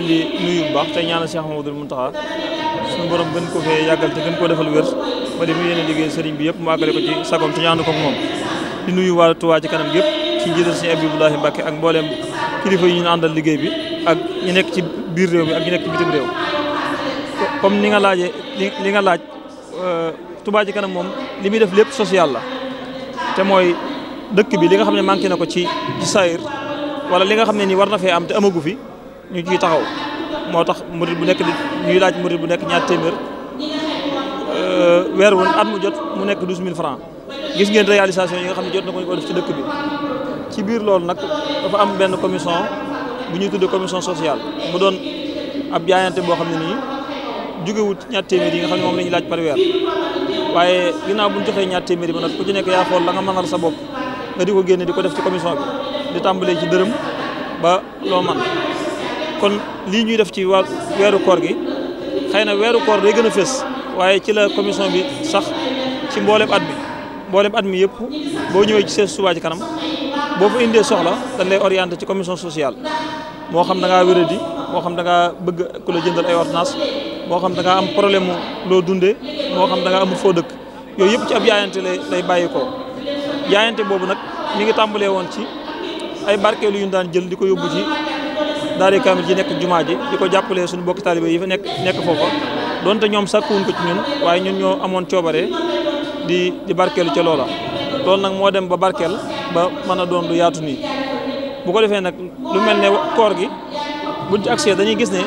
leen di nuyu bu baax tey ñaanal Cheikh Mamadou Mountakha suñu borom gën fee yàggal te gën koo defal wér ba li mu yéene liggéey sëriñ bi yëpp mu àggale ko ci sagoom te ñaanu ko moom di nuyu waa Touba ci kanam yëpp ci njiital Sëriñ Abdoulahi Mbacké ak mbooleem kilifa liggéey bi ak ñu nekk ci biir réew mi ak ñu nekk ci bitim comme ni nga laajee li nga laaj euh, Touba ci kanam moom li muy def lépp social la te mooy dëkk bi li nga xam ne manqué na ko ci ci saayir wala li nga xam ne nii war na fee am te amagu fi ñu ciy taxaw moo tax murid bu nekk di ñuy laaj murid bu nekk ñaar téeméer euh, weer woon at mu jot mu nekk dus mille francs gis ngeen réalisation yi nga xam ne jot na ko ñu ko def ci dëkk bi ci biir loolu nag dafa am benn commission bu ñuy tuddee commission sociale mu doon ab jaayante boo xam ne nii jógewut ñaar téeméer yi nga xam ne moom la ñuy laaj par weer waaye ginnaaw bu ñu joxee ñaar téeméer yi ba nag ku ci nekk yaa xool la nga mënal sa bopp nga di ko génne di ko def ci commission bi di tàmbalee ci dërëm ba loo kon lii ñuy def ci waa weeru koor gi xëy na weeru koor day gën a fës waaye ci la commission bi sax ci mboolem at mi mboolem at mi yëpp boo ñëwee ci seen Touba Ca Kanam boo fa indee soxla dañ lay orienté ci commission sociale moo xam da ngaa wéradi moo xam da ngaa bëgg ku la jëndal ay ordonnance moo xam da ngaa am problème mu loo dundee moo xam da ngaa amul foo dëkk yooyu yëpp ci ab jaayante lay lay bàyyi ko jaayante boobu nag mi ngi tàmbalee woon ci ay barkeelu yu daan jël di ko yóbbu ci daal daara kaamil ji nekk jumaa ji di ko jàppalee suñu bokki taalibe yi fa nekk nekk foofa donte ñoom sàkkuwuñ ko ci ñun waaye ñun ñoo amoon coobare di di barkeelu ca loola loolu nag moo dem ba barkeel ba mën a doon lu yaatu nii bu ko defee nag lu mel ne koor gi bu ci accès dañuy gis ne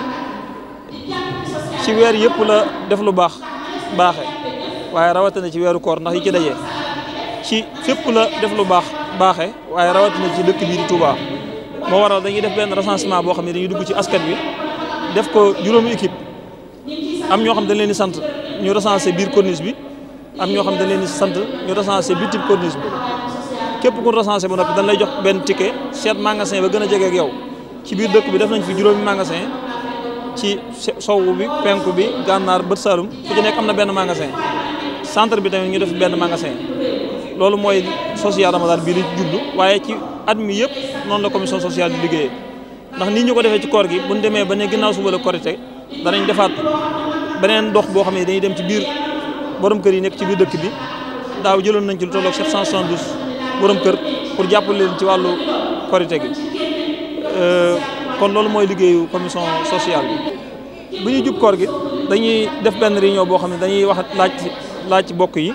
ci weer yëpp la def lu baax baaxe waaye rawatina ci weeru koor ndax yi ci dajee ci fépp la def lu baax baaxe waaye rawatina ci dëkk bii di Touba moo waral dañuy def benn recensement boo xam ne dañuy dugg ci askan wi def ko juróomi équipe am ñoo xam dañ leen di sant ñu recensé biir corniche bi am ñoo xam dañ leen di sant ñu recensé bitim corniche bi képp ku recensé ba noppi dañ lay jox benn ticket seet magasin ba gën a jege yow ci biir dëkk bi def nañ fi juróomi magasin ci sowu bi penku bi gànnaar bët saalum ku am na benn magasin centre bi tamit ñu def benn magasin loolu mooy social ramadan bii di jublu waaye at mi yëpp noonu la commission sociale di liggéeyee ndax nii ñu ko defee ci koor gi bu ñu demee ba ne ginnaaw suba la korite danañ defaat beneen dox boo xam ne dañuy dem ci biir borom kër yi nekk ci biir dëkk bi daaw jëloon nañ ci lu tolloog 772 borom kër pour jàppale leen ci wàllu korite gi euh, kon loolu mooy liggéeyu commission sociale bu ñuy jub koor gi dañuy def benn réunion boo xam ne dañuy wax laaj laaj ci bokk yi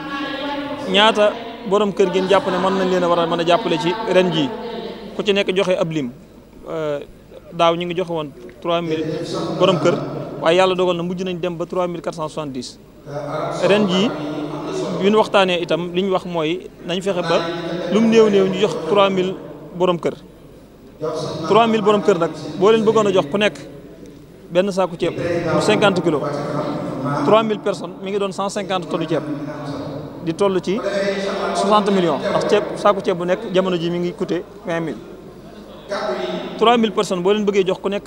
ñaata borom kër gi jàpp ne mën nañ leen a war a mën a jàppale ci ren jii. ku ci nekk joxe ab lim euh, daaw ñu ngi joxe woon 3000 borom kër waaye yàlla dogal na mujj nañ dem ba 3470 ren jii bi ñu waxtaanee itam li ñu wax mooy nañ fexe ba lu mu néew néew ñu jox mille borom kër mille borom kër nag boo leen bëggoon a jox ku nekk benn saaku ceeb mu 50 kilos mille personnes mi ngi doon cent 150 tonnes ceeb di toll ci 60 millions ndax ceeb saako ceeb bu nekk jamono ji mi ngi coûté 20000 3000 personnes boo leen bëggee jox ku nekk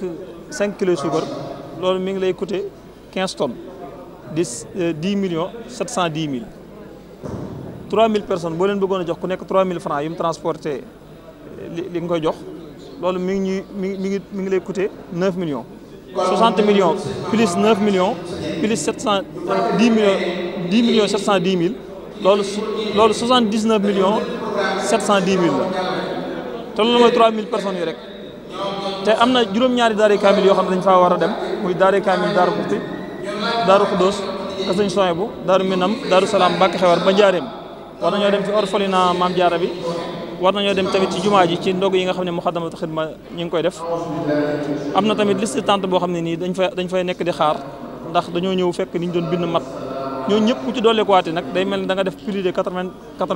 5 kilos suukar loolu mi ngi lay coûté 15 tonnes di 10 euh, millions 710 mille 3000 personnes boo leen bëggoon a jox ku nekk 3000 francs yu mu transporté euh, li li nga koy jox loolu mi ngi ñuy mi ngi mi ngi lay coûté 9 millions. 60 millions plus 9 millions plus 710 euh, millions 10 millions 710 mille. loolu loolu soixante dix neuf millions sept cent dix mille la te loolu mooy trois mille personnes yi rek te am na juróom-ñaari daare kaamil yoo xam ne dañ faa war a dem muy daare kaamil daaru Muxti daaru Xudóos te sëñ soe bu daaru Minam daaru Salaam Mbàkke Xewar ba Njaareem war nañoo dem ci naa Maam Jaara bi war na ñoo dem tamit ci jumaa ji ci ndog yi nga xam ne Muxaddamatul Xidma ñu ngi koy def am na tamit liste tente boo xam ne nii dañ fa dañ fay nekk di xaar ndax dañoo ñëw fekk niñ doon bind mat ñoo ñëpp ku ci doole ko waate nag day mel ne da def plus de quatre-vingt quatre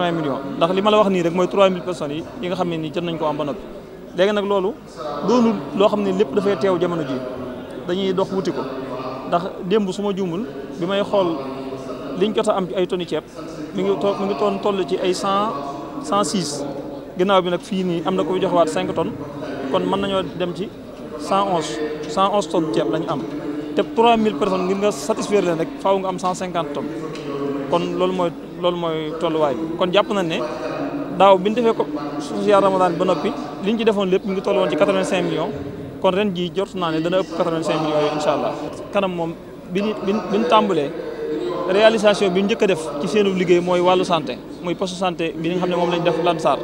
ndax li ma la wax nii rek mooy trois mille personnes yi nga xam ne nii jot nañ ko am ba noppi léegi nag loolu doonul loo xam ne lépp dafay teew jamono ji dañuy dox wuti ko ndax démb su ma juumul bi may xool liñ jot am ci ay tonni ceeb mu ngi mu ngi toon toll ci ay cent cent six ginnaaw bi nag fii nii am na ko joxewaat cinq tonnes kon mën nañoo dem ci cent onze cent onze tonnes ceeb lañ am satisfaire leen rek faaw nga am 150 tonnes kon loolu mooy loolu mooy tolluwaay bi kon jàpp na ne daaw bi ñu defee ko social ramadan ba noppi li ñu ci defoon lépp ñu ngi toll ci 85 millions kon ren jii jot naa ne dana ëpp 85 millions allah. kanam moom bi bi ñu tàmbalee réalisation bi njëkk def ci seenu liggéey mooy wàllu santé muy poste santé bi nga xam ne moom lañ def Lansar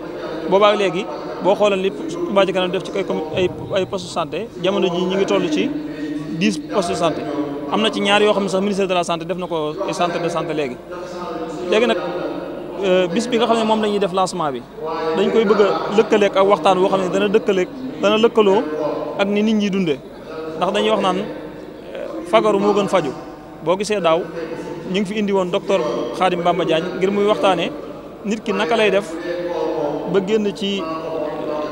boobaa léegi boo xoolee li Touba Ca Kanam def ci ay ay poste santé jamono jii ñu ngi toll ci 10 postes santé. am na ci ñaar yoo xam ne sax ministère de la santé def na ko centre de santé léegi léegi nag euh, bis bi nga xam ne moom lañuy ñuy def lancement bi dañ koy bëgg a ak waxtaan woo xam ne dana dëkkaleek dana lëkkaloo ak ni nit ñi dundee ndax dañuy wax naan euh, fagaru moo gën faju boo gisee daaw ñu ngi fi indi woon docteur Khadim Bamba Diagne ngir muy waxtaanee nit ki naka lay def ba génn ci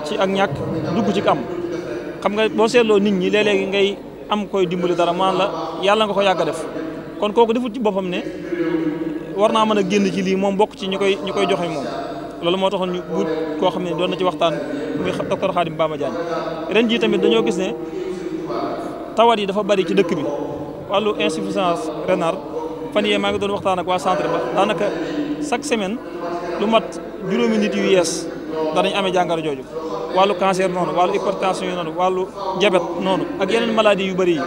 ci ak ñàkk dugg ci am xam nga boo seetloo nit ñi léeg-léegi am koy dimbali dara maan la yàlla nga ko yàgg def kon kooku defut ci boppam ne war naa mën a génn ci lii moom bokk ci ñu koy ñu koy joxe moom loolu moo taxoon ñu buut koo xam ne doon na ci waxtaan muy docteur Khadim Bamba Diagne ren jii tamit dañoo gis ne tawat yi dafa bari ci dëkk bi wàllu insuffisance rénale fan yee maa ngi doon waxtaan ak waa centre ba daanaka chaque semaine lu mat juróomi nit yu yees danañ amee jàngoro jooju wàllu cancer noonu wàllu hypertension noonu wàllu diabète noonu ak yeneen maladie yu bëri yi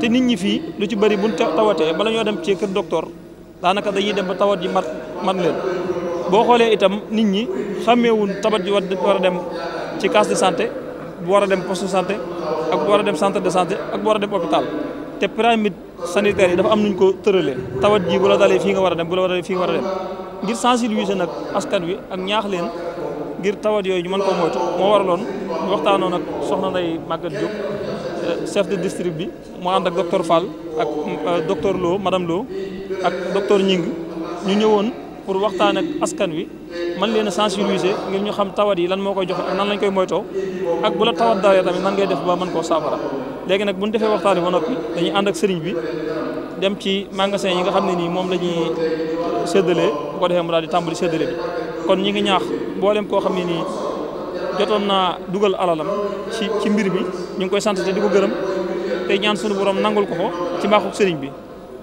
te nit ñi fii lu ci bëri buñ tawatee bala ñoo dem ci kër docteur daanaka dañuy dem ba tawat ji mat mat leen boo xoolee itam nit ñi xàmmeewuñ tawat ji war a dem ci case de santé bu war a dem poste de santé ak bu war a dem centre de santé ak war a dem hôpital te pyramide sanitaire yi dafa am nuñ ko tëralee tawat ji bu la dalee fii nga war a dem bu la dalee fii nga war a dem ngir sensibiliser nag askan wi ak ñaax leen ngir tawat yooyu ñu mën koo moytu moo waraloon ñu waxtaanoon ak soxna Ndeye Maguette Diop euh, chef de district bi mu ànd ak docteur Fall ak euh, docteur Lo madame Lo ak docteur Ñing ñu ñëwoon pour waxtaan ak askan wi man leen a sensibiliser ngir ñu xam tawat yi lan moo koy joxe ak nan lañ koy moytoo ak bu la tawat daawee tamit nan ngay def ba man koo saafara léegi nag bu ñu defee waxtaan bi ba noppi dañuy ànd ak sëriñ bi dem ci magasin yi nga xam ne nii moom la ñuy séddalee bu ko tàmbali séddale bi kon ñi ngi ñaax mboolem koo xam ne nii jotoon naa dugal alalam ci ci mbir mi ñu ngi koy sant te di ko gërëm te ñaan sunu borom nangul ko ko ci mbaaxu sëriñ bi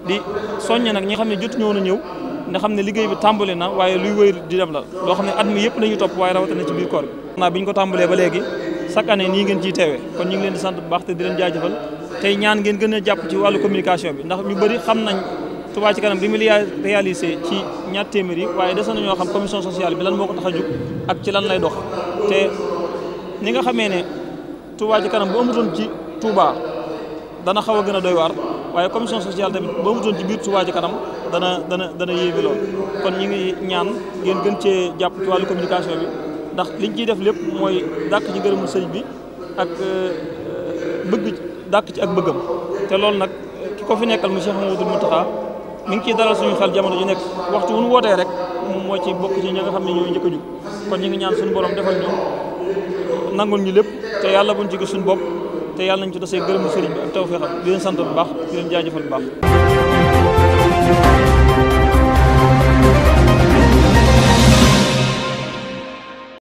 di soññe nag ñi xam ne jot ñoo na ñëw nga xam ne liggéey bi tàmbali na waaye luy wëy di dem la loo xam ne at mi yëpp lañuy topp waaye rawatina ci biir koor bi. naa bi ñu ko tàmbalee ba léegi chaque année nii ngeen ci teewee kon ñu ngi leen di sant bu baax te di leen jaajëfal tey ñaan ngeen gën a jàpp ci wàllu communication bi ndax ñu bëri xam nañ Touba ci kanam bi mu réalisé ci ñaar téeméer yi waaye des na ñoo xam commission sociale bi lan moo ko tax a jóg ak ci lan lay dox te ni nga xamee ne Touba ci kanam bu amutoon ci Touba dana xaw a gën a doy waar waaye commission sociale tamit bu amutoon ci biir Touba ci kanam dana dana dana yéeme lool kon ñi ngi ñaan ngeen gën cee jàpp ci wàllu communication bi ndax liñ ciy def lépp mooy dàq ci gërëmu sëñ bi ak euh, bëgg dàq ci ak bëggam te loolu nag ki mi ngi ciy dalal suñu xel jamono ji nekk waxtu wu ñu wootee rek moo ci bokk ci ñi nga xam ne ñooy njëkk a jug kon ñu ngi ñaan suñu borom defal ñu nangul ñu lépp te yàlla buñ ci gis suñu bopp te yàlla nañ ci dasee gërëm sëriñ bi ak tawfeexam di leen sant bu baax di leen jaajëfal bu baax